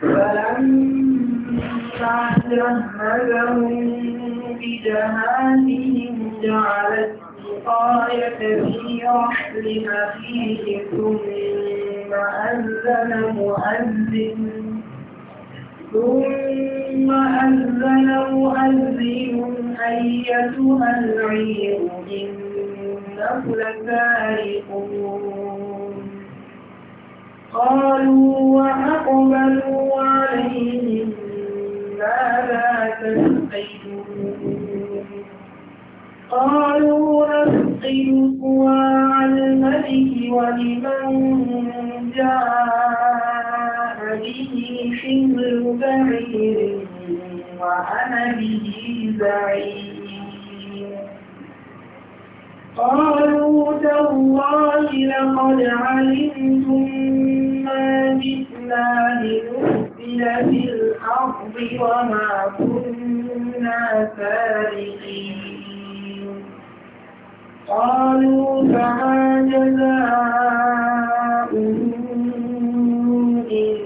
فلما جهزهم بجهازهم جعل السقاية في رحل أخيه ثم أذن مؤذن ثم أذن مؤذن أيتها العير إن إنهم لسارقون قالوا وأقبلوا عليهم ماذا تفقدون قالوا نفقد صواع الملك ولمن جاء به حمل بعير وأنا به زعيم قالوا تالله لقد علمتم ما جئنا لنفسد في الأرض وما كنا سارقين قالوا فما جزاؤه إن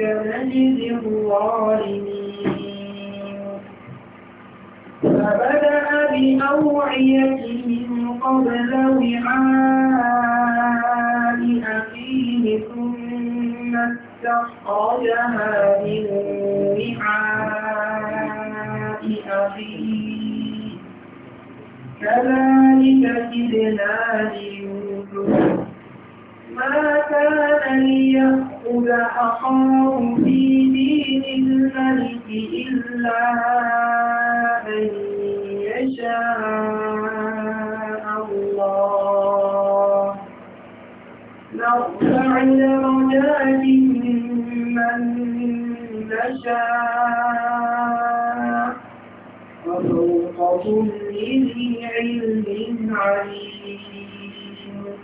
نجزي الظالمين فبدأ بأوعيتهم قبل وعاء أخيه ثم استخرجها من وعاء أخيه كذلك كدنا ليوسف ما كان لا أخاه في دين الملك إلا أن يشاء الله نرفع درجات من نشاء وفوق كل ذي علم عليم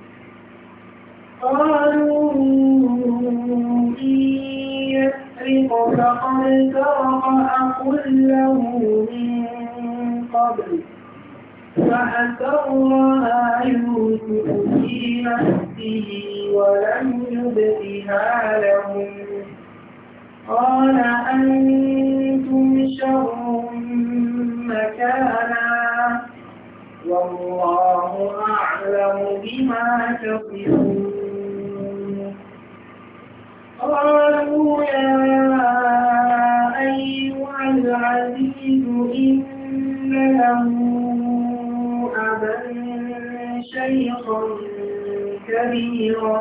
قالوا فقد سرق أخ له من قبل فأسرها يوسف في نفسه ولم يبدها لهم قال أنتم شر مكانا والله أعلم بما تصفون قالوا يا أيها العزيز إن له أبا شيخا كبيرا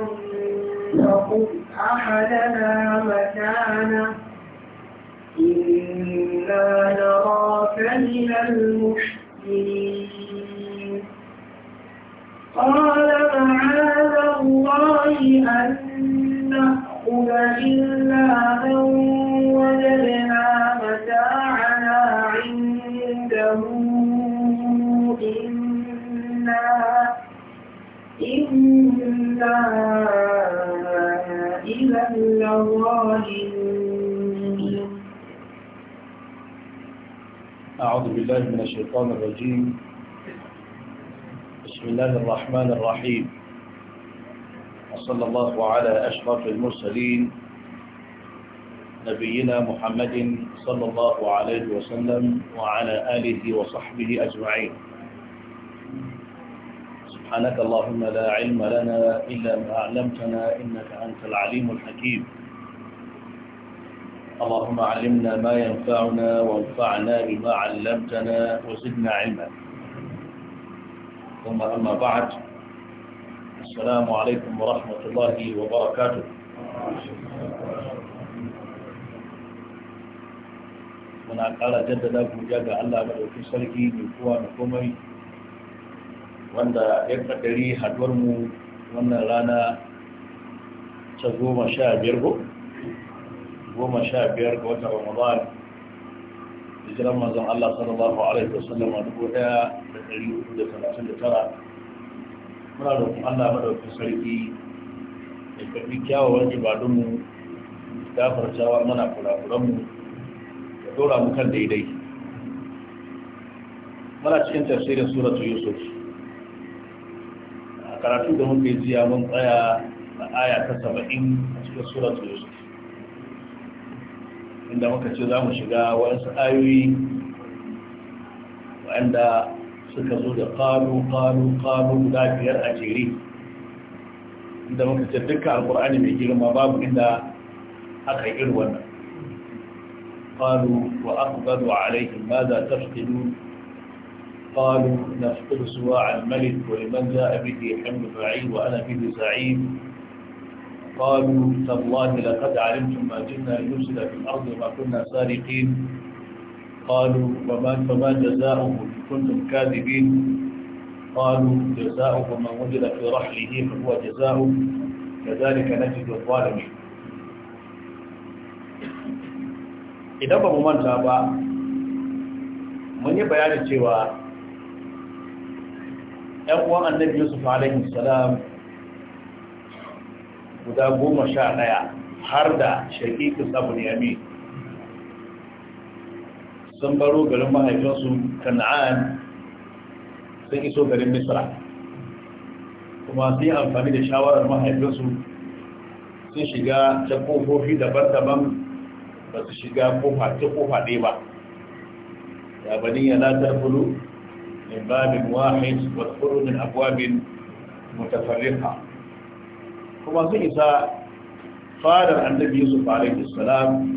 فخذ أحدنا مكانه إنا نراك من المحسنين قال معاذ الله أن من وجدنا متاعنا عنده إنا إنا أعوذ بالله من الشيطان الرجيم بسم الله الرحمن الرحيم وصلى الله على أشرف المرسلين نبينا محمد صلى الله عليه وسلم وعلى آله وصحبه أجمعين سبحانك اللهم لا علم لنا إلا ما علمتنا إنك أنت العليم الحكيم اللهم علمنا ما ينفعنا وانفعنا بما علمتنا وزدنا علما ثم أما بعد السلام عليكم ورحمة الله وبركاته muna ƙara jaddada godiya ga Allah madauki sarki mai kowa da komai wanda ya kadari haduwar mu wannan rana ta goma sha biyar ko goma sha biyar ga watan ramadan hijiran manzon Allah sallallahu alaihi wasallam a dubu ɗaya da ɗari da talatin da tara muna roƙon Allah madaukin sarki ya karbi kyawawan ibadunmu gafartawa mana kurakuranmu ya dora mu kan daidai muna cikin tafsirin suratu yusuf a karatu da muka yi jiya mun tsaya a aya ta saba'in a cikin suratu yusuf inda muka ce za mu shiga wasu ayoyi wa'anda suka zo da ƙalu ƙalu ƙalu guda biyar a jere inda muka ce duka alƙur'ani mai girma babu inda aka yi irin wannan ƙalu wa aqbadu alaihim ma za tafqidu قالوا نفقد سواع الملك ولمن جاء به حمل بعيد وأنا به زعيم قالوا تالله لقد علمتم ما جئنا لنفسد في الأرض وما كنا سارقين قالوا فما فما جزاؤه إن كنتم كاذبين قالوا جزاؤه من وجد في رحله فهو جزاؤه كذلك نجد الظالمين idan ba mu manta ba mun yi bayanin cewa ‘yan uwan annabi yusuf salam guda goma sha ɗaya har da shakikin abu ne amin sun baro garin mahaifinsu kan'an sun iso garin misra kuma sun yi amfani da shawarar mahaifinsu sun shiga ta kofofi daban-daban ba su shiga kofa ta kofa ɗaya ba ya bani ya latar bulu min babin wahid wa tsoro min abuwabin mutafarrika kuma sun isa fadar annabi yusuf alaihi salam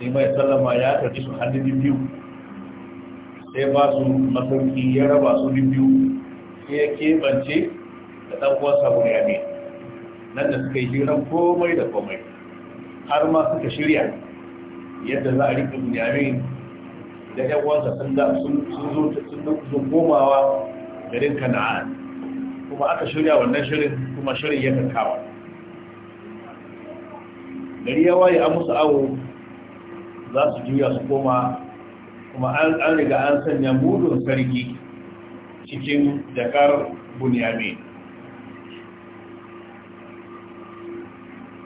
sai mai sallama ya ɗauki su hannun biyu sai ba su masauki ya raba su biyu sai ya keɓance da ɗanƙuwar sabon guda ne nan da suka yi jiran komai da komai har ma suka shirya yadda za a riƙe yami da ‘yan uwansa sun zo sun komawa garin kana'an kuma aka shirya wannan shirin kuma shirin ya kakawa gari ya waye an musu awo za su juya su koma kuma an riga an sanya mudun sarki cikin jakar buniyami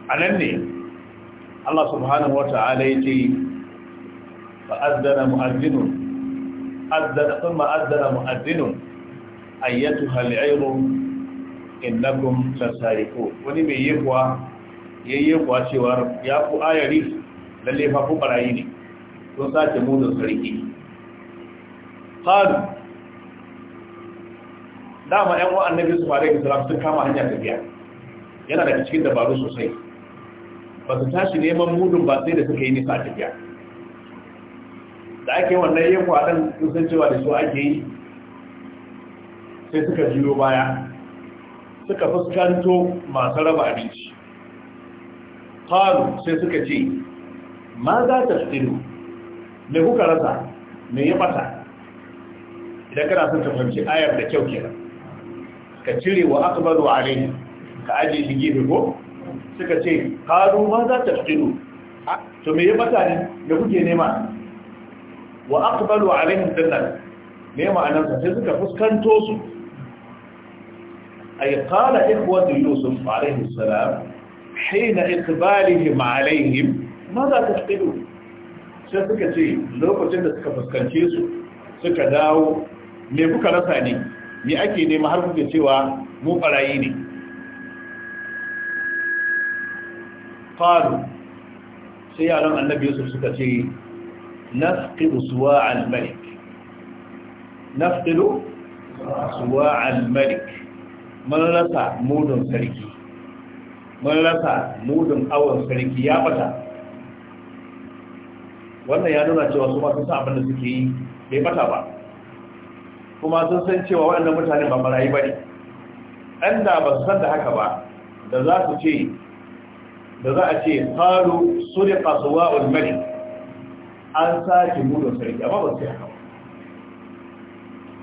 a nan ne Allah subhanahu wa ta'ala ya ce fa'addana mu'adzinun addana kuma addana mu'adzinun ayyatu innakum wani mai yi kuwa yi kuwa cewar ya ku ayari lalle fa ku barayi ne sun sace da sarki qalu dama ɗan wa'an nabi su fara islam sun kama hanya tafiya yana da cikin dabaru sosai ba su tashi neman mudun ba sai da suka yi nisa tafiya da ake wannan yin kwaɗan sun cewa da su ake yi sai suka jiyo baya suka fuskanto masu raba abinci faru sai suka ce ma za ta tsiru me kuka rasa me ya fata idan kana son tafarki ayar da kyau kira ka cire wa a rai ka ajiye shi gefe ko suka ce karu ma za ta tsiru to me ya fata ne da kuke nema wa akbaru alayhi dinnan me ma'anar sa sai suka fuskanto su A yi ay qala da yusuf alayhi salam hina iqbalihim alayhim ma za ka sai suka ce lokacin da suka fuskance su suka dawo me kuka rasa ne me ake nema har kuke cewa mu barayi ne qalu sai yaran annabi yusuf suka ce nafqidu suwa al-malik nafqidu suwa al-malik mun rasa mudun sarki mun rasa mudun awon sarki ya bata wannan ya nuna cewa su masu sa abin da suke yi bai mata ba kuma sun san cewa waɗannan mutane ba marayi ba ne ɗan da ba su san da haka ba da za su ce da za a ce faru su da kasuwa ulmani an sake gudun sarki amma ba su yi haka ba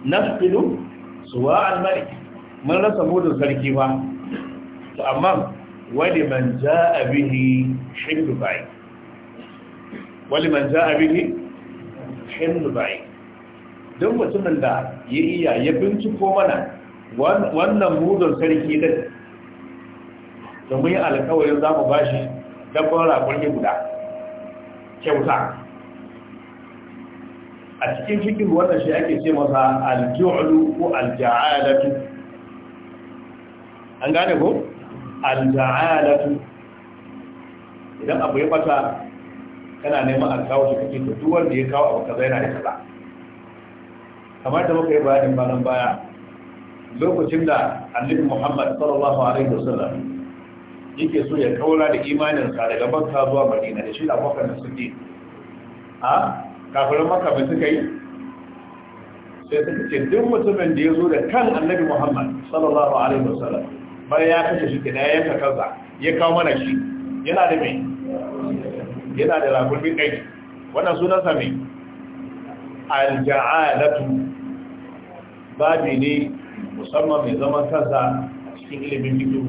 nafilu suwa almani mun rasa gudun sarki ba amma wani man ja abihi shaidu bayi wali man za a bihi hindu bai don mutumin da ya iya ya binciko mana wannan mudon sarki din domin alkawarin za mu bashi dabbar rakon guda kyauta a cikin cikin wannan shi ake ce masa alju'lu ko alja'alatu an gane ko alja'alatu idan abu ya fata kana neman a kawo shi kake da duwar da ya kawo abu kaza yana da kaza kamar da muka yi bayanin bayan baya lokacin da annabi Muhammad sallallahu alaihi wasallam yake so ya kaura da imanin sa daga Makka zuwa Madina da shi da Abubakar da suke a kafirin Makka bai suka yi sai suka ce duk mutumin da ya zo da kan annabi Muhammad sallallahu alaihi wasallam bayan ya kashe shi kina ya yanka kaza, ya kawo mana shi yana da mai yana da rakumin kai wannan sunan sa ne alja'alatu babi ne musamman mai zaman kansa a cikin ilimin fito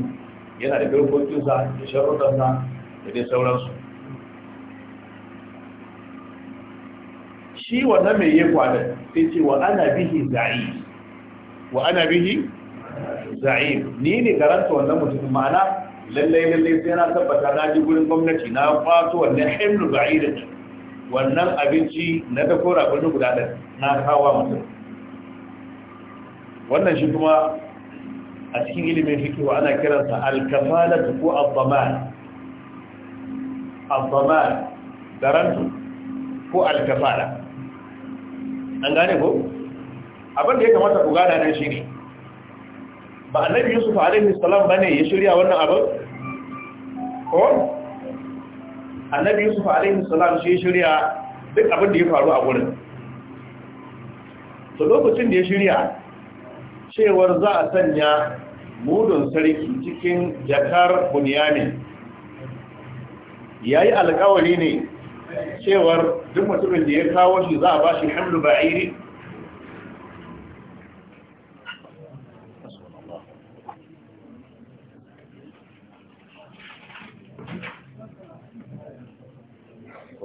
yana da dokokinsa da sharuɗansa da dai sauransu shi wannan mai yi kwada sai ce wa ana bihi za'i wa ana bihi za'i ni ne garanta wannan mutum ma'ana lallai lallai sai na tabbata na ji gurin gwamnati na fato wannan ba a wannan abinci na kora ragunin guda da na kawo mutum wannan shi kuma a cikin ilimin fikiwa ana kiransa alkafalatu ko abbaman abbaman darantu ko alkafala an gane ko abin da ya kamata ku gada nan shi ne ba annabi yusuf alaihi salam bane ya shirya wannan abin ko annabi yusuf alaihi salam shi shirya duk abin da ya faru a gurin to lokacin da ya shirya cewar za a sanya mudun sarki cikin jakar bunyamin yayi alƙawari ne cewar duk mutumin da ya kawo shi za a ba shi hamlu ba'iri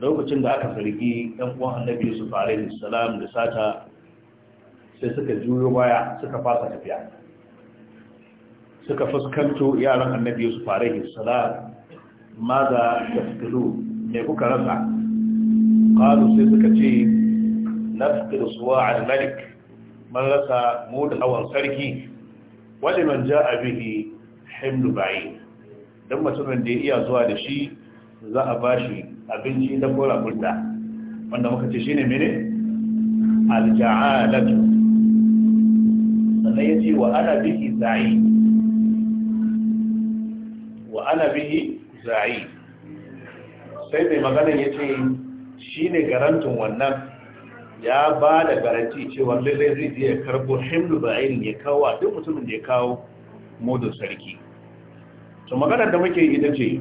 lokacin da aka zargi ɗan uwan annabi yusuf alaihi salam da sata sai suka juyo baya suka fasa tafiya suka fuskanto yaran annabi yusuf alaihi salam ma da tafkiru mai kuka rasa ƙalu sai suka ce na tafkiru suwa al-malik man rasa mu da hawan sarki wani man ja a bihi himlu bayi don mutumin da ya iya zuwa da shi za a ba shi abinci da kora burda wanda muka ce shine mene alja'alatu sannan ya ce wa ana bihi za'i wa ana bihi za'i sai mai magana ya ce shi ne garantin wannan ya ba da garanti cewa lallai zai je ya karbo himlu ba'in ya kawo a duk mutumin da ya kawo modin sarki to maganar da muke yi ita ce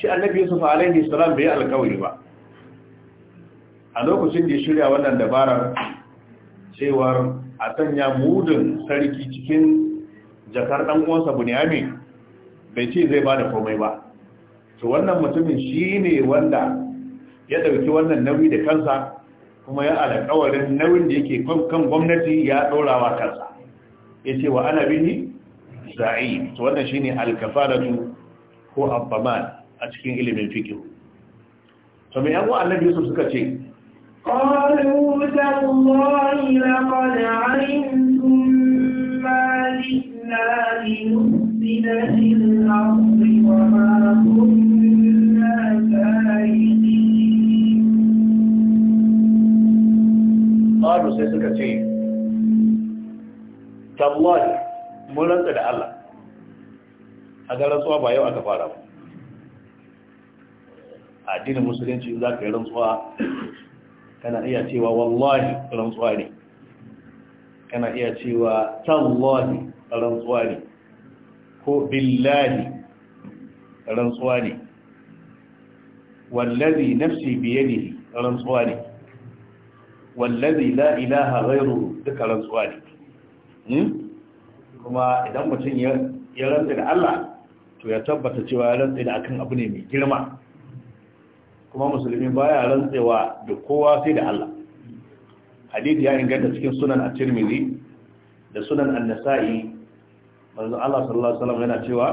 shi annabi yusuf alaihi salam bai alkawari ba a lokacin da ya shirya wannan dabarar cewar a sanya mudun sarki cikin jakar dan uwansa bunyami bai ce zai bada komai ba to wannan mutumin shine wanda ya dauki wannan nauyi da kansa kuma ya alƙawarin nauyin da yake kan gwamnati ya wa kansa ya ce wa ana bihi za'i to wannan shine alkafaratu ko abbaman a cikin ilimin fikihu to me yawo annabi Yusuf suka ce قالوا تالله لقد علمتم ما جئنا لنفسد في الأرض وما كنا فاعلين قالوا سيسكت شيء تالله mun da Allah a ga rantsuwa ba yau aka fara ba a addinin musulunci za ka yi rantsuwa kana iya cewa wallahi rantsuwa ne kana iya cewa tallahi rantsuwa ne ko billahi rantsuwa ne wallazi nafsi biyadihi rantsuwa ne wallazi la ilaha ghairu duka rantsuwa ne hmm? kuma idan mutum ya rantsa da Allah to ya tabbata cewa ya rantsa da akan abu ne mai girma kuma musulmi baya rantsewa da kowa sai da Allah hadith ya inganta cikin sunan at-Tirmidhi da sunan an-Nasa'i manzo Allah sallallahu alaihi wasallam yana cewa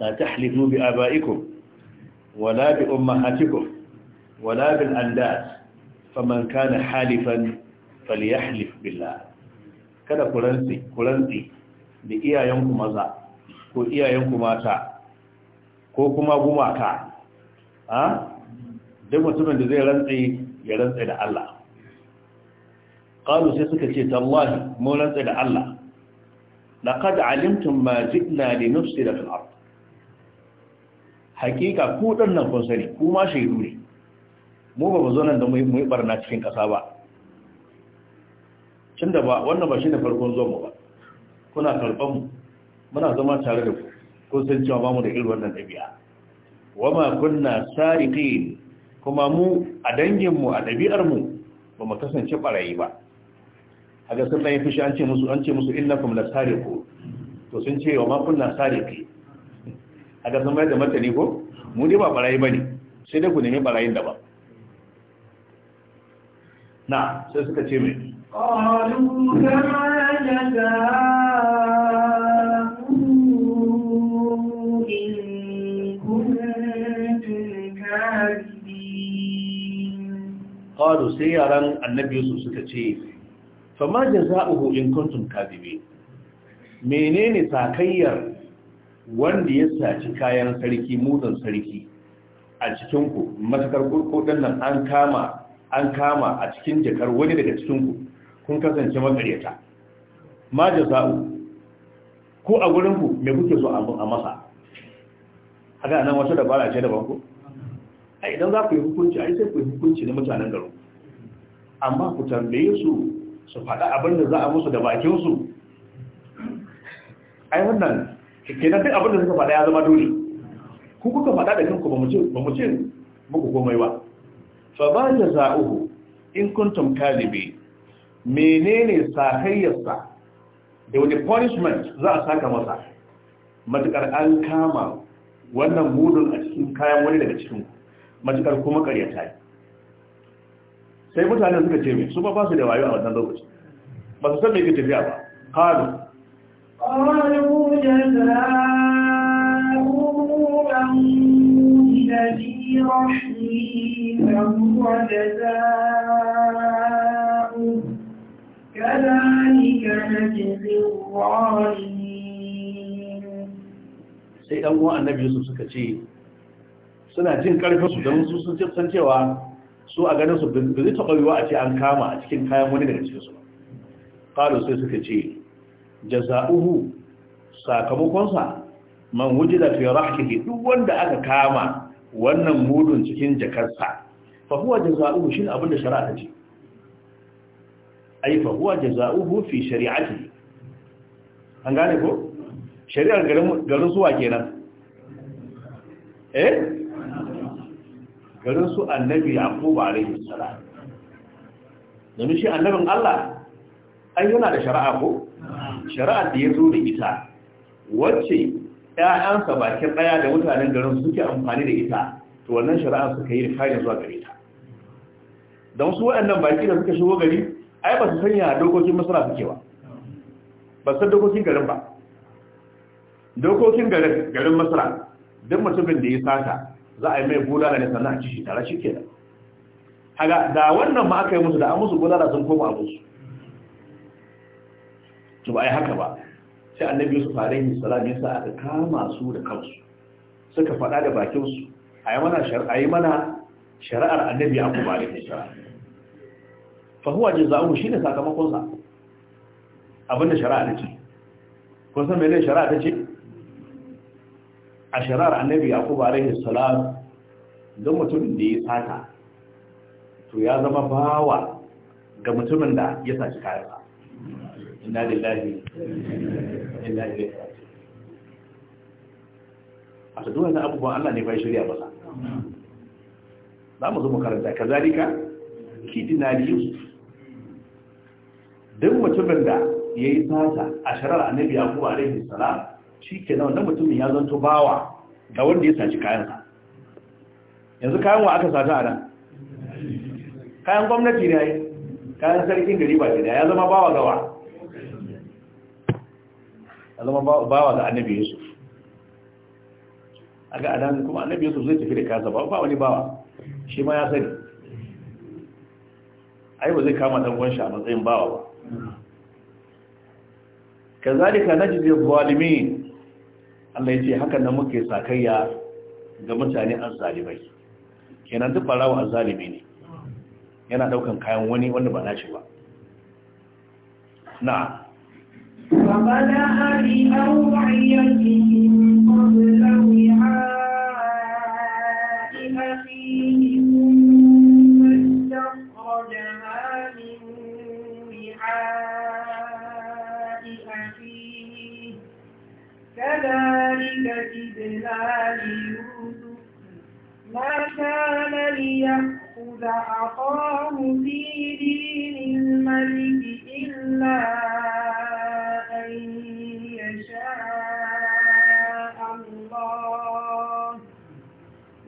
la tahlifu bi aba'ikum wala bi ummahatikum wala bil andas faman kana halifan falyahlif billah kada ku rantsi ku rantsi da iyayenku maza ko iyayenku mata ko kuma gumaka a ah? duk mutumin da zai rantse ya rantse da Allah qalu sai suka ce tallahi mu rantsi da Allah laqad alimtum ma jidna li nufsida fil ard hakika ku dan nan kun sani ku ma shaidu ne mu ba mu zo nan da mu yi barna cikin kasa ba tun da ba wannan ba shine farkon zuwa mu ba kuna karban mu muna zama tare da ku kun san cewa ba mu da irin wannan dabi'a wama kunna sariqin kuma mu a danginmu a ɗabi'armu ba mu kasance ɓarayi ba a ga sun ɗanyi fushi an ce musu an ce musu inna kuma na sare ku. to sun ce wa makon na sare ke a ga sun da martani ko mu dai ba ɓarayi ba ne sai dai ku nemi ɓarayin da ba na sai suka ce mai قالوا ya جزاء qalu sai yaran annabi su suka ce fa ma jazaohu in kuntum kadibin menene sakayyar wanda ya saci kayan sarki mudan sarki a cikin ku matakar kurkudin nan an kama an kama a cikin jakar wani daga cikin ku kun kasance makaryata ma jaza'u ko a gurin ku me kuke so a masa haka nan wata dabara ce daban ku a idan za ku yi hukunci yi sai ku yi hukunci na mutanen garo amma ku tambaye su su faɗa abin da za a musu da bakinsu ai wannan kenan duk abin da suka faɗa ya zama dole ku kuka faɗa da kanku ba mu ce muku komai ba fa ba za'uhu in kuntum kalibi menene sakayyarsa da wani punishment za a saka masa matukar an kama wannan mudun a cikin kayan wani daga cikin ku matukar kuma karyata yi sai mutane suka ce mai su ba su da wayo a wannan lokaci ba su san me ke tafiya ba kano sai ɗan'uwa annabi Yusuf suka ce suna jin karfin su don su sun san cewa su a ganin su ba zai taɓa yiwuwa a ce an kama a cikin kayan wani daga cikin su ƙaro sai suka ce jaza'uhu sakamakonsa man da fiye fi ne duk wanda aka kama wannan mudun cikin jakarsa fahuwa jaza'uhu shi abin abinda shari'a ta ce ai fahuwa jaza'uhu fi shari'ati an gane ko shari'ar garin zuwa kenan eh garin su annabi yaquba alaihi salam domin shi annabin Allah ai yana da shari'a ko shari'ar da ya zo da ita wacce ƴaƴansa bakin ɗaya da mutanen garin suke amfani da ita to wannan shari'a suka yi rikari zuwa gare ta don su waɗannan baki da suka shigo gari ai ba su sanya dokokin masara suke ba ba san dokokin garin ba dokokin garin masara don mutumin da ya sata za a yi mai da ne sannan a ci shi tare shi da. haga da wannan ma aka yi musu da an musu da sun koma musu su to ba a yi haka ba sai annabi fara alaihi salam sa aka kama su da kansu suka faɗa da bakinsu su a yi mana shari'ar annabi a kuma da salam fahuwa jin jazaa'u shine sakamakon sa abinda shari'a ta ce kun san me ne shari'a ta ce a shirar annabi yakubu alaihi salam don mutumin da ya sata to ya zama bawa ga mutumin da ya saci ba. inna lillahi inna ilaihi a ta duwannan abubuwan Allah ne bai shirya ba za mu zo makaranta ka zalika kidina yusuf duk mutumin da ya yi sata a shirar annabi yakubu alaihi salam shi ke nan wannan mutumin ya zanto bawa ga wanda ya saci kayansa yanzu kayan wa aka sata a nan kayan gwamnati ne yi kayan sarkin gari ba ne ya zama bawa gawa ya zama bawa ga annabi yusuf a ga adan kuma annabi yusuf zai tafi da kasa ba wani bawa shi ma ya sani ai ba zai kama dan gwan shi a matsayin bawa ba kazalika najzi zalimin Allah ya ce haka nan muke sakayya ga mutane azzalibai kenan duk barawa azzalibi ne yana daukan kayan wani wanda ba nashi ba na وَبَدَأَ بِأَوْعِيَتِهِ آل يوسف ما كان ليأخذ أخاه في دين الملك إلا أن يشاء الله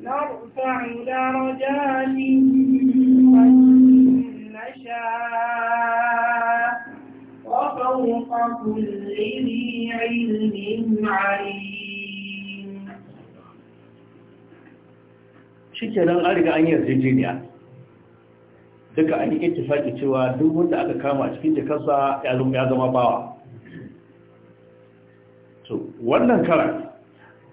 نرفع درجات من نشاء وفوق كل ذي علم عليم nan an riga an yi yarjejeniya duka an yi ittifaki cewa duk wanda aka kama cikin jikarsa ya zama bawa to wannan karar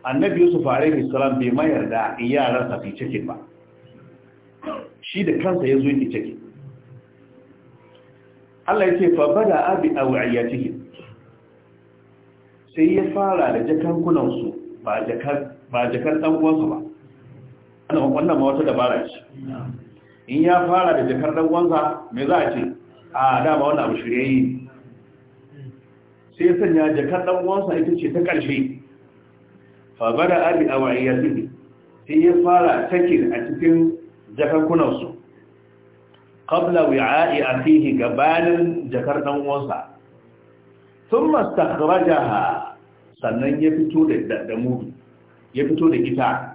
annabi yusuf alaihi salam bai mayar da yaransa fi cikin ba shi da kansa ya zo yi cikin Allah ya ce fa bada abi awiyatihim sai ya fara da jakan kunansu ba jakar ba ba ana wannan ma wata dabara ce in ya fara da jakar dan wansa me za a ce a dama wannan abu shiryayi sai sanya jakar dan wansa ita ce ta karshe fa bada abi awiyatihi sai ya fara take a cikin jakakunan su qabla wi'a'i akhihi gabanin jakar dan wansa thumma sannan ya fito da ya fito da ita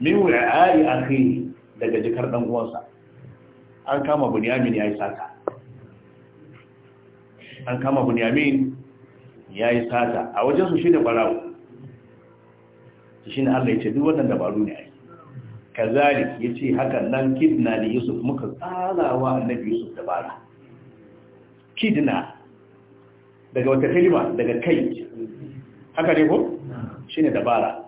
min wa'ari akhihi daga jikar dan uwansa an kama bunyamin yayi sata an kama bunyamin yayi sata a wajen su shine barawo shine Allah ya ce duk wannan dabaru ne ai kazalik yace hakan nan kidna da Yusuf muka tsalawa annabi Yusuf dabara kidna daga wata kalima daga kai haka ne ko shine dabara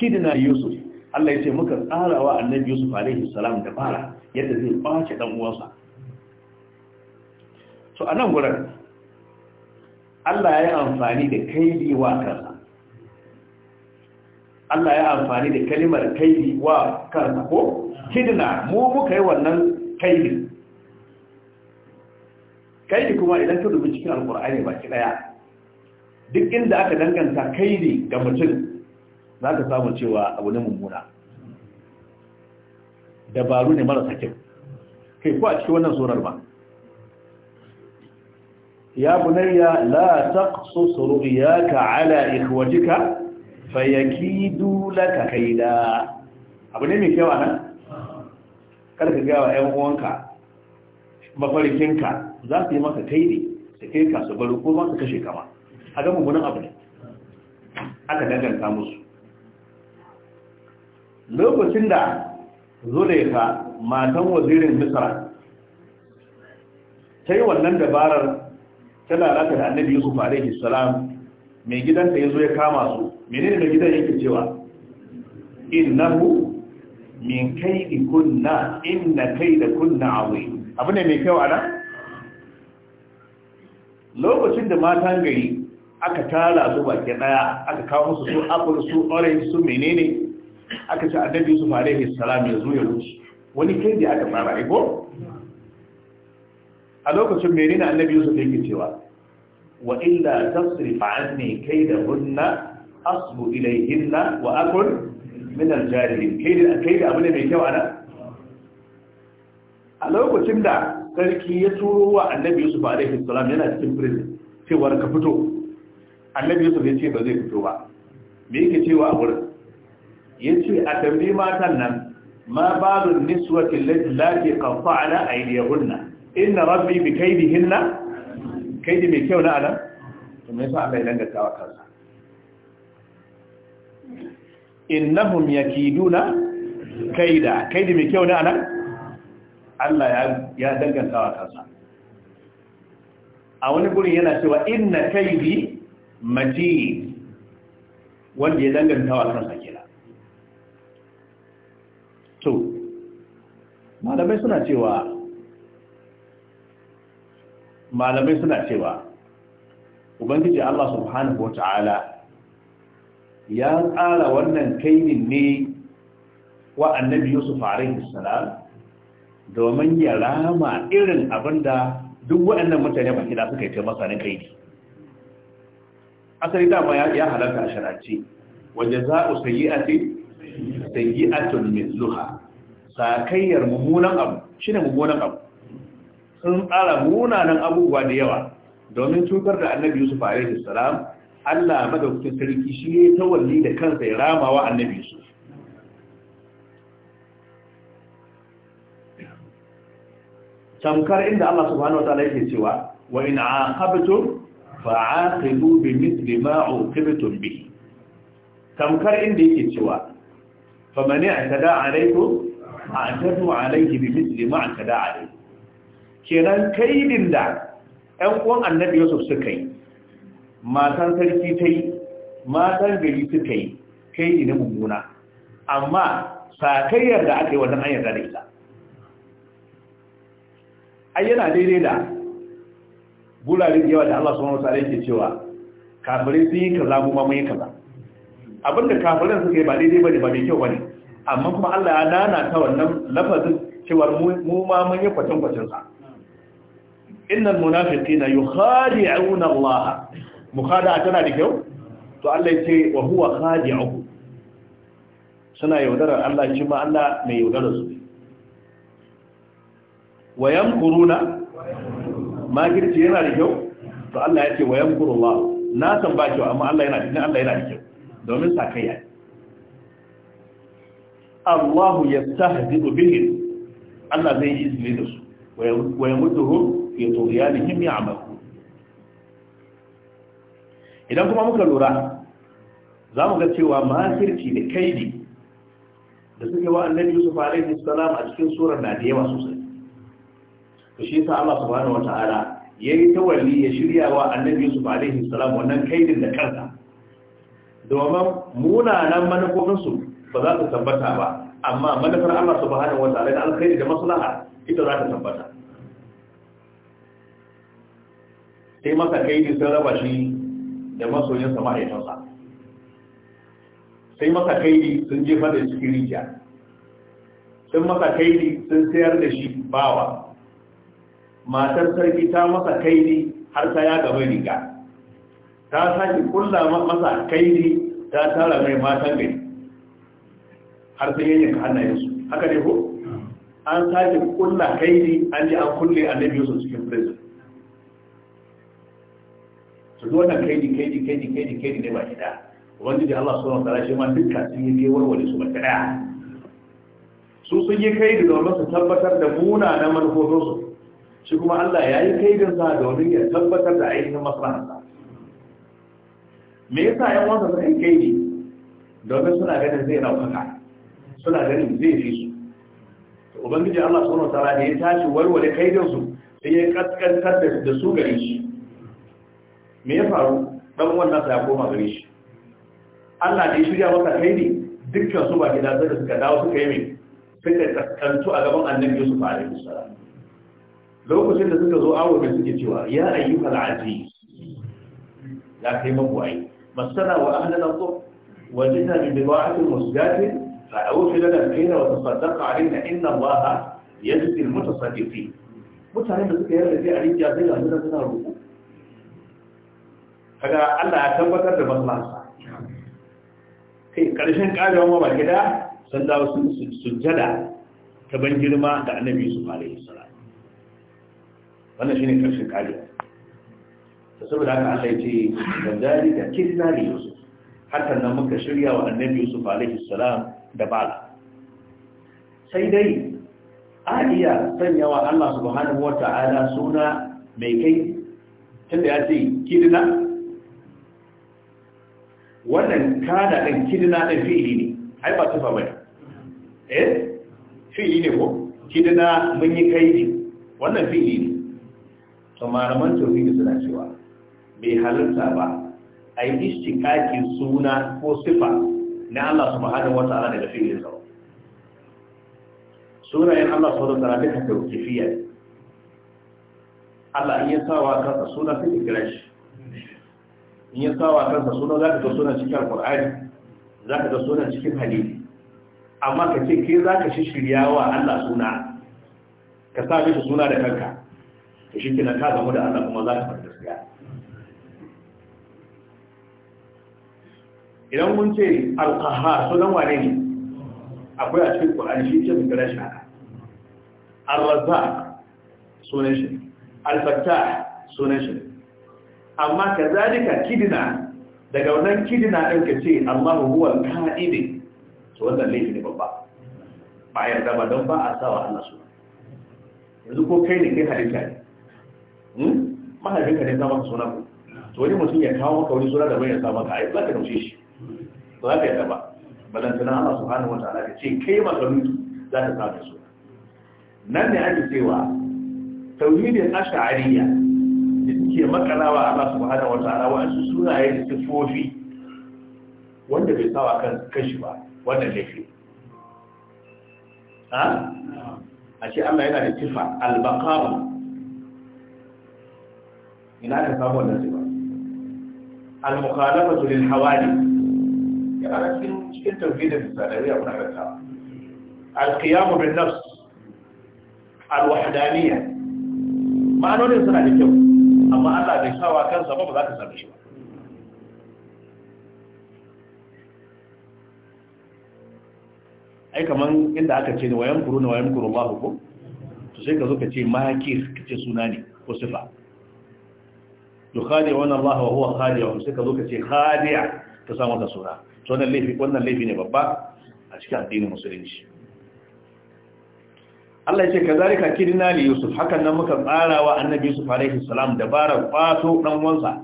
Kidina yusuf Allah ya ce muka tsarawa annabi yusuf alaihi salam da fara yadda zai bace dan uwansa to anan gurin Allah ya yi amfani da kaidi wa karsa, Allah ya amfani da kalimar kaidi wa karsa ko kidina, mu muka yi wannan kaidi kaidi kuma idan ka dubi cikin alkur'ani baki daya duk inda aka danganta kaidi ga mutum za ka samu cewa abu ne mummuna dabaru ne marasa kyau kai ko a cikin wannan surar ba ya bunayya la taqsu suriyaka ala ikhwatika fayakidu laka kaida abu ne mai kyau anan karka gawa 'yan uwanka mafarkinka za su yi maka kaidi su kai ka su baro ko ma su kashe kama a ga mummunan abu ne aka danganta musu lokacin da zuleka matan wazirin misra ta yi wannan dabarar ta lalata da annabi yusuf alaihi salam mai gidanta ya zo ya kama su menene mai gidan yake cewa innahu min kaidi kunna inna kaida kunna azim abu ne mai kyau ana lokacin da matan gari aka tara su baki daya aka kawo musu su apple su orange su menene aka ce annabi yusuf alaihi salam ya zo ya wuce wani kirji aka fara aiko a lokacin mai nina annabi yusuf yake cewa wa illa tasrifa anni hunna asbu ilayhinna wa akun min al-jahilin Kai da abu ne mai kyau ana a lokacin da sarki ya turo wa annabi yusuf alaihi salam yana cikin prison cewar ka fito annabi yusuf ya ce ba zai fito ba me yake cewa a wurin a tambi matan nan ma balun niswati allati la taqta'na aydiyahunna inna rabbi bi kaydihinna kaidi mai kyau na adam to me yasa Allah ya danganta wa kansa innahum yakiduna kaida kaidi mai kyau na adam Allah ya danganta wa kansa a wani gurin yana cewa inna kaidi matin wanda ya danganta wa kansa kenan to malamai suna cewa malamai suna cewa ubangiji Allah subhanahu wata'ala ya tsara wannan kainin ne wa annabi Yusuf alaihi salam domin ya rama irin abinda duk waɗannan mutane ba kida suka yi ta masa na kaini asali dama ya halarta a sharace wajen za'u sayyi'atun mithluha sakayyar mummunan abu shine mummunan abu sun tsara munanan abubuwa da yawa domin cutar da annabi yusuf alaihi salam Allah madaukakin sarki shi ne tawalli da kansa ya ramawa annabi yusuf tamkar inda Allah subhanahu wa ta'ala yake cewa wa in aqabtum fa'aqibu bi mithli ma uqibtum bihi tamkar inda yake cewa famani a tada alaikum a tadu alaihi bi misli ma a tada alaihi kenan kaidin da ƴan uwan annabi yusuf suka yi matan sarki ta yi matan gari suka yi kaidi na mummuna amma sakayyar da aka yi wannan an yarda da ita ai yana daidai da gurare da yawa da Allah subhanahu wa ta'ala yake cewa kafirai sun yi kaza kuma mun yi kaza abinda kafirin suka yi ba daidai bane ba mai kyau bane amma kuma Allah ya nana ta wannan lafazin cewa mu ma mun yi kwatan kwatan sa innal munafiqina yukhadi'una Allah mukhada'a tana da kyau to Allah ya ce wa huwa khadi'u suna yaudarar Allah shi ma Allah mai yaudarar su wayan kuruna makirci yana da kyau to Allah ya ce wayan kurullah na san ba kyau amma Allah yana da Allah yana da kyau domin sa sakayya Allahu yastahzi'u bihim Allah zai yi izini da su wa yamuduhum fi a mako. idan kuma muka lura za mu ga cewa makirci da kaidi da suke wa annabi Yusuf alaihi salam a cikin tsoron na da yawa sosai to shi yasa Allah subhanahu wata'ala yayi tawalli ya shirya wa annabi Yusuf alaihi salam wannan kaidin da kansa domin munanan manufofinsu ba za su tabbata ba amma manufar Allah subhanahu wa da alkhairi da maslaha ita za ta tabbata sai masa kaidi sun raba shi da masoyinsa ma'aikansa sai masa kaidi sun jefa da cikin rijiya sun masa kaidi sun sayar da shi bawa matar sarki ta masa kaidi har ta ya gaba riga ta sake kulla masa kaidi ta tara mai matan gai har sai yanyan hannayensu haka ne ko an sake kulla kaidi an ji an kulle annabi yusuf cikin prison su duk wannan kaidi kaidi kaidi kaidi kaidi ne ba gida ubangiji Allah subhanahu wa ta'ala shi ma dukkan sun yi warware su ba da su sun yi da domin su tabbatar da muna na manufofinsu shi kuma Allah ya yi da sa domin ya tabbatar da ainihin maslahansa me yasa yan wanda suka yi kaidi domin suna ganin zai ɗaukaka suna ganin zai fi su to ubangiji Allah subhanahu wataala da ya tashi warware kaidansu su sai ya kaskantar da su gare shi me ya faru ɗan wannan sa ya koma gare shi Allah da ya shirya kai kaidi dukkan su ba gida da suka dawo suka yi mai suka kaskantu a gaban annabi Yusuf alaihi salam lokacin da suka zo awo da suke cewa ya ayyuka aziz ya kai mabuwai مسنا وأهلنا الضر وجدنا ببضاعة مسجات فأوفي لنا الكيل وتصدق علينا إن الله يجزي المتصدقين mutane da suka yarda sai a rijiya sai ga hannun suna roƙo kaga Allah ya tabbatar da maslahansa kai karshen karewa ma baki da sun dawo sun sujjada ta ban girma da annabi su alaihi salam wannan shine karshen karewa da saboda haka Allah ya ce da zalika kinna li yusuf hatta nan muka shirya wa annabi yusuf alaihi salam da bala sai dai a iya sanya wa Allah subhanahu wata'ala suna mai kai tunda ya ce kidna wannan kada ɗin kidna ɗin fi'ili ne ai ba tufa bane eh fi'ili ne ko kidna mun yi kai ne wannan fi'ili ne to malaman tauhidi suna cewa bai halitta ba a yi ishtikaki suna ko sifa na Allah mahadin wa ta'ala daga fi'ilin Suna sunayen Allah subhanahu wa ta'ala duka tawqifiyya Allah in ya sawa kansa suna sai kira shi in ya sawa kansa suna za ka ga suna cikin za ka ga suna cikin halili amma ka ce ke za shi shirya wa Allah suna ka sa shi suna da kanka Ka shi kina ka zama da Allah kuma za ka fara gaskiya idan mun ce so sunan wane ne akwai a cikin ƙwa'ani shi ce mutane shi haka al-raza sunan shi al-fatta sunan shi amma ka zalika kidina daga wannan kidina ɗin ka ce allahu huwa ne. to wannan laifi ne babba ba ya ba don ba a sawa Allah su yanzu ko kai ne kai halitta ne hmm? mahaifinka ne ta maka suna ku to wani mutum ya kawo maka wani suna da mai ya sa maka ai ba ka naushe shi ba za ka yadda ba balantana Allah subhanahu wataala ya ce kai makarutu za ta same su nan ne ake cewa tauhidin ash'ariyya da suke makalawa Allah subhanahu wataala wa'ansu suna yin sifofi wanda bai sawa kan kashi ba wannan laifi a ce Allah yana da tifa al ina ka samu wannan sifa al-mukhalafatu lil hawali yana cikin cikin da misalai abu na gata bin nafs al-wahdaniyya ma'anonin suna da kyau amma Allah bai sawa kansa ba ba za ka same shi ba ai kaman inda aka ce ne wayan kuru na wayan kuru ba hukum, to sai ka zo ka ce ka ce suna ne ko sifa yukhadi wa Allah wa huwa khadi sai ka zo ka ce khadi'a ka samu ta sura to wannan laifi wannan laifi ne babba a cikin addinin musulunci Allah ya ce kazalika kirina li yusuf hakan nan muka tsara wa annabi yusuf alaihi salam dabarar kwato dan wansa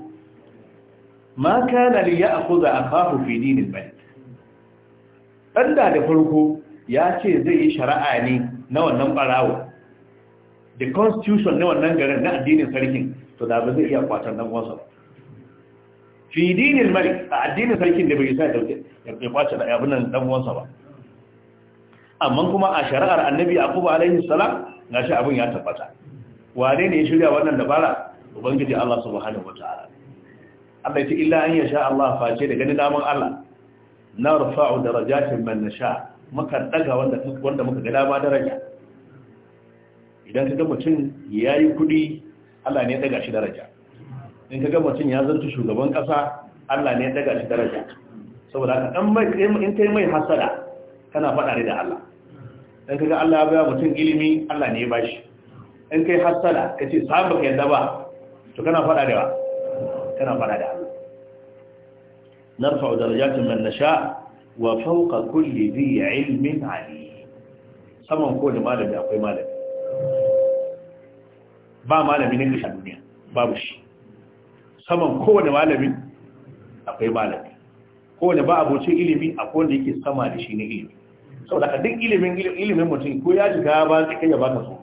ma kana li ya'khudha akahu fi dinil bayt dan da farko ya ce zai yi shari'a ne na wannan barawo the constitution ne wannan garin na addinin sarkin to da ba zai iya kwatar dan wansa ba fi dinin a addinin sarkin da bai sai dauke ya kwace da abin nan dan uwansa ba amma kuma a shari'ar annabi akuba alaihi salam gashi abin ya tabbata wane ne ya shirya wannan dabara ubangiji Allah subhanahu wataala Allah ya ce illa an yasha Allah face da ganin namun Allah narfa'u darajatin man nasha muka daga wanda wanda muka ga dama daraja idan ka ga mutum yayi kudi Allah ne ya daga shi daraja in ka ga mutum ya zanta shugaban ƙasa, Allah ne ya daga shi daraja saboda haka dan mai in kai mai hasada kana faɗa ne da Allah in ka ga Allah ya baya mutum ilimi Allah ne ya bashi in kai hasada ka ce sabu ka yadda ba to kana faɗa da wa kana faɗa da Allah narfa'u darajatin man nasha wa fawqa kulli dhi ilmin alim saman ko da malami akwai malami ba malami ne kashe duniya babu shi saman kowane malami akwai malami kowane ba abocin ilimi a wanda yake sama da shi na ilimi saboda da duk ilimin ilimin mutum ko ya shiga ba a kai ya baka so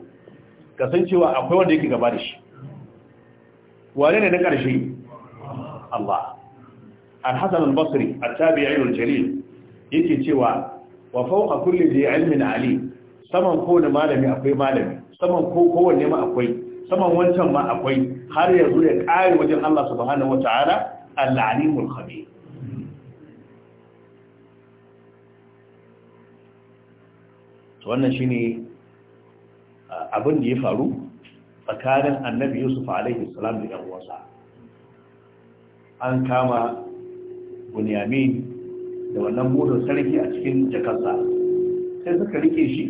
ka akwai wanda yake gaba da shi wane ne na ƙarshe Allah Alhassan hasan al-Basri at-tabi'i al-jalil yake cewa wa fawqa kulli dhi ilmin ali saman kowane malami akwai malami saman ko kowanne ma akwai saman wancan ma akwai har ya zo ya kare wajen Allah subhanahu wata'ala al-alimul khabir to wannan shine abin da ya faru tsakanin annabi Yusuf alaihi salam da yan an kama bunyamin da wannan burin sarki a cikin jakarsa sai suka rike shi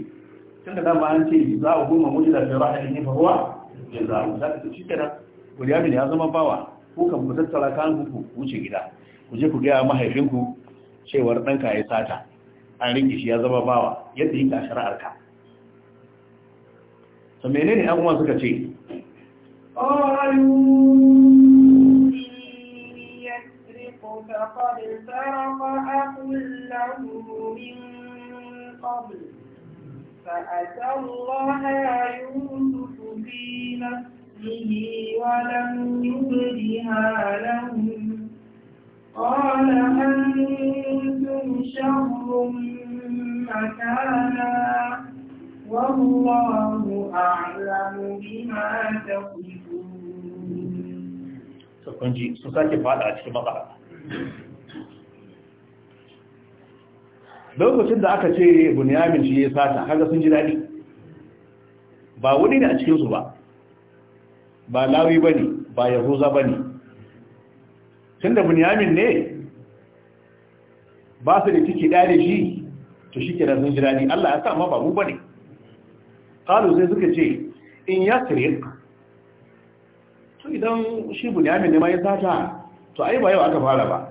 tun da dama an ce za a goma mutu da fi rahar ne faruwa yanzu a za da ta shi kana Bunyamin ya zama bawa ko kan ku tattara kayan ku wuce gida ku je ku gaya mahaifinku cewar ɗanka ya sata an rike shi ya zama bawa yadda yi ka shari'ar ka to menene an uwan suka ce فقد سرق أقل له من قبل فأتى الله يوسف في نفسه ولم يبدها لهم قال أنتم شر مكانا والله أعلم بما تصفون. Kun ji sun sake fada a cikin matsala. lokacin da aka ce bunyamin shi ya sata kaga sun ji daɗi ba wani ne a cikinsu ba ba lawi ba ne ba yahuza ba ne tun da bunyamin ne ba su da ciki ɗaya da shi to shi kira sun ji daɗi allah ya sa ma ba mu ba ne ƙalu sai suka ce in ya sire to idan shi bunyamin ne ma ya sata to ai ba yau aka fara ba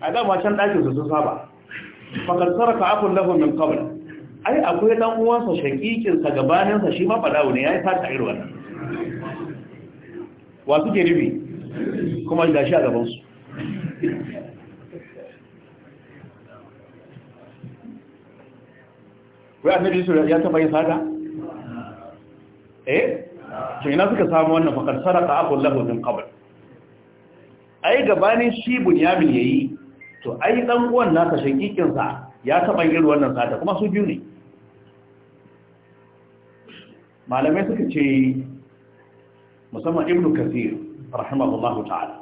a dama can ɗakinsu sun saba fakar saraka akun lahu min kawai ai akwai dan uwansa shakikinsa gabaninsa shi ma ne ya yi fata irwa wannan wa suke ribi kuma shi a gaban su wai annabi su ya taba yi sada eh to ina suka samu wannan fakar saraka akun lahu min kawai ai gabanin shi bunyamin yayi to ai dan uwan nasa shakikin sa ya taba yin wannan sata kuma su biyu ne malamai suka ce musamman ibnu kathir rahimahullahu ta'ala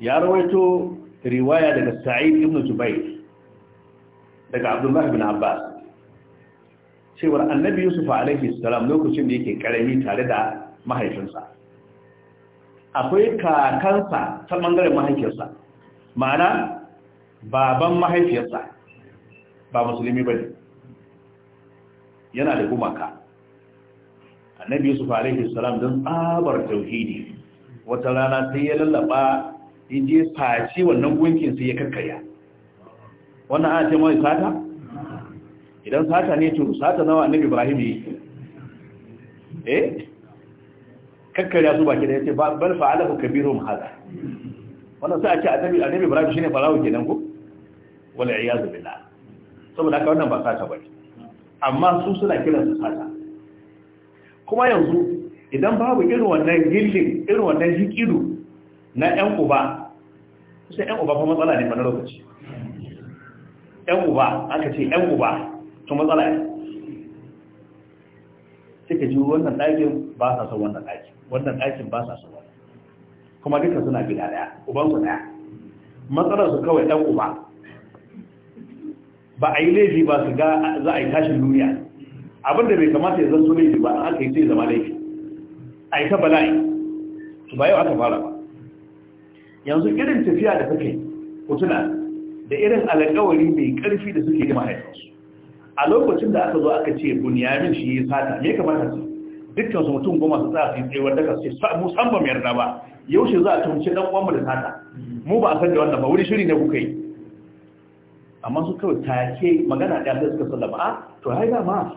ya rawaito riwaya daga sa'id ibn zubair daga abdullah ibn abbas cewar annabi yusuf alaihi salam lokacin da yake karami tare da mahaifinsa akwai kakansa ta bangaren mahaifinsa ma'ana baban mahaifiyarsa ba musulmi ba ne yana da gumaka annabi yusuf alaihi salam don tsabar tauhidi wata rana sai ya lallaba inji je faci wannan gunkin sai ya karkarya wannan ana taimaka sata idan sata ne to sata nawa annabi ibrahim yi eh karkarya su baki da ya ce bal fa'alahu kabirum hada wannan sai a ce annabi annabi ibrahim shine farawo kenan ko wala iyazu billah saboda haka wannan ba sata bane amma su suna kiran su sata kuma yanzu idan babu irin wannan gilli irin wannan jikido na ɗan uba sai ɗan uba fa matsala ne fa na lokaci ɗan uba aka ce ɗan uba to matsala ne ka ji wannan ɗakin ba sa son wannan ɗakin wannan ɗakin ba sa son wannan kuma duka suna gida daya ubansu daya matsalar su kawai ɗan uba ba a yi laifi ba su ga za a yi tashin duniya abinda bai kamata ya zan su laifi ba aka yi sai zama laifi a yi ta bala'i su ba yau aka fara ba yanzu irin tafiya da kake hotuna da irin alƙawari mai ƙarfi da suke da mahaifinsu a lokacin da aka zo aka ce bunyamin shi ya sata me kamata su dukkan su mutum goma su za su yi tsayuwar daga su mu san ba mu yarda ba yaushe za a tunce dan uwan da sata mu ba a san da wannan ba wuri shiri ne kuka yi amma su kawai take magana da Allah suka sallama a ah, to ai da ma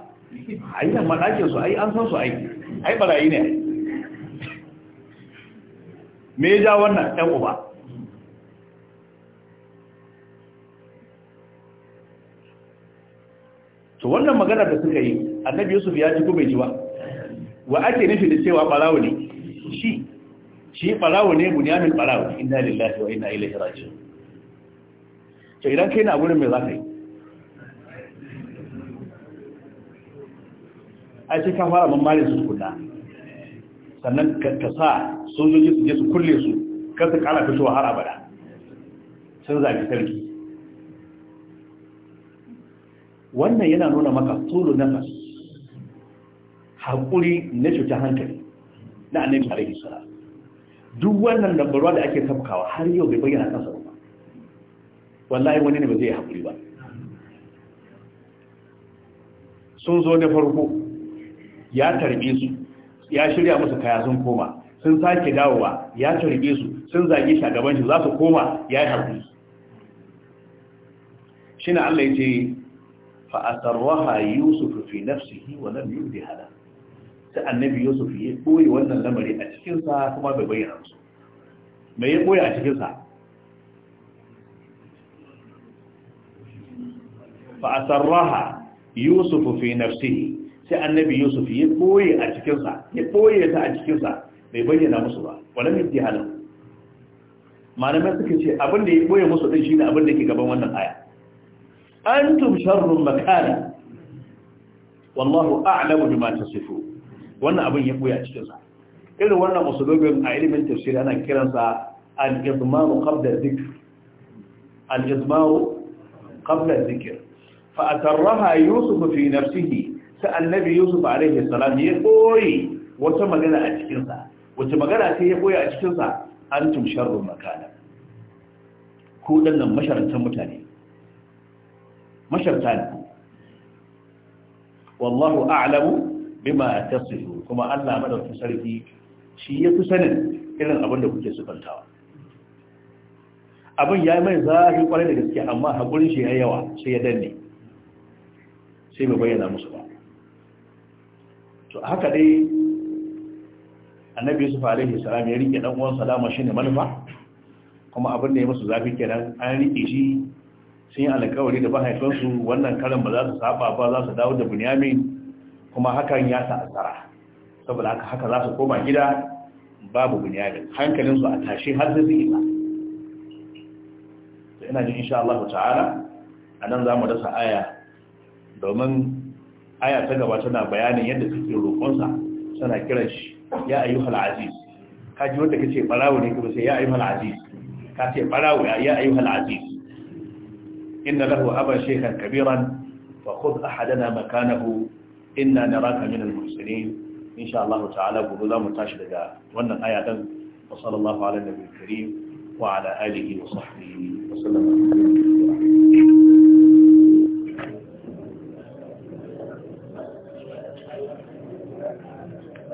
ai da ma dakin su ai an san su ai ai barayi ne me ya ja wannan ɗan uba to wannan magana da suka yi annabi Yusuf ya ji ko bai ji ba wa ake nufi da cewa barawo ne shi shi barawo ne bunyamin barawo inna lillahi wa inna ilaihi raji'un to idan kai na gurin mai za ka yi a ce ka fara mamalin su kuna sannan ka sa sojoji su je su kulle su kar su kara fitowa har abada sun zafi sarki wannan yana nuna maka tsoro nafas haƙuri na cuta hankali na annabi alaihi duk wannan dambarwa da ake tabkawa har yau bai bayyana kansa ba wallahi wani ne ba zai haƙuri ba sun zo na farko ya tarbe su ya shirya musu kaya sun koma sun sake dawowa ya tarbe su sun zage shi a gaban shi za su koma ya yi haƙuri shi na Allah ya ce fa'asarwaha yusuf fi nafsihi wa lam yubdi hada sai annabi yusuf ya koyi wannan lamari a cikinsa kuma bai bayyana musu mai ya koya a cikinsa fa asarraha yusuf fi nafsihi sai annabi yusuf ya koyi a cikinsa ya koyi ta a cikinsa bai bayyana musu ba Wani walam ibtihala malamai suka ce abin da ya koya musu ɗin shine abin da ke gaban wannan aya antum sharrun makana wallahu a'lamu bima tasifun wannan abin ya buya cikin sa irin wannan usulubin a ilimin tafsiri ana kiransa al-izmaru qabla dhikr al-izmaru qabla dhikr fa atarraha yusuf fi nafsihi sa annabi yusuf alaihi salam ya koyi wata magana a cikin sa wace magana sai ya koyi a cikin sa antum sharru makana ku dannan masharantan mutane masharta ne wallahu a'lamu bima tasifu kuma Allah madaukakin sarki shi ya fi sanin irin abin da kuke sukantawa abin ya yi mai zafi kwarai da gaske amma haƙurin shi ya yawa sai ya danne sai bai bayyana musu ba to haka dai annabi yusuf alaihi salam ya rike dan uwan salama shine manufa kuma abin da ya musu zafi kenan an rike shi sun yi alƙawari da mahaifinsu wannan karan ba za su saba ba za su dawo da bunyamin kuma hakan ya sa asara saboda haka haka za su koma gida babu bunyamin hankalinsu a tashi har sai su isa to ina jin insha Allah ta'ala a nan za mu dasa aya domin aya ta gaba tana bayanin yadda suke roƙonsa tana kiran shi ya ayyuhal aziz ka ji wanda kace barawo ne kuma sai ya ayyuhal aziz ka ce barawo ya ayyuhal aziz inna lahu aba shaykhan kabiran fa khudh ahadana makanahu inna naraka minal muhsinin insha Allah ta'ala gobe zamu tashi daga wannan aya dan wa sallallahu ala nabiyil karim wa ala alihi wa sahbihi wa sallam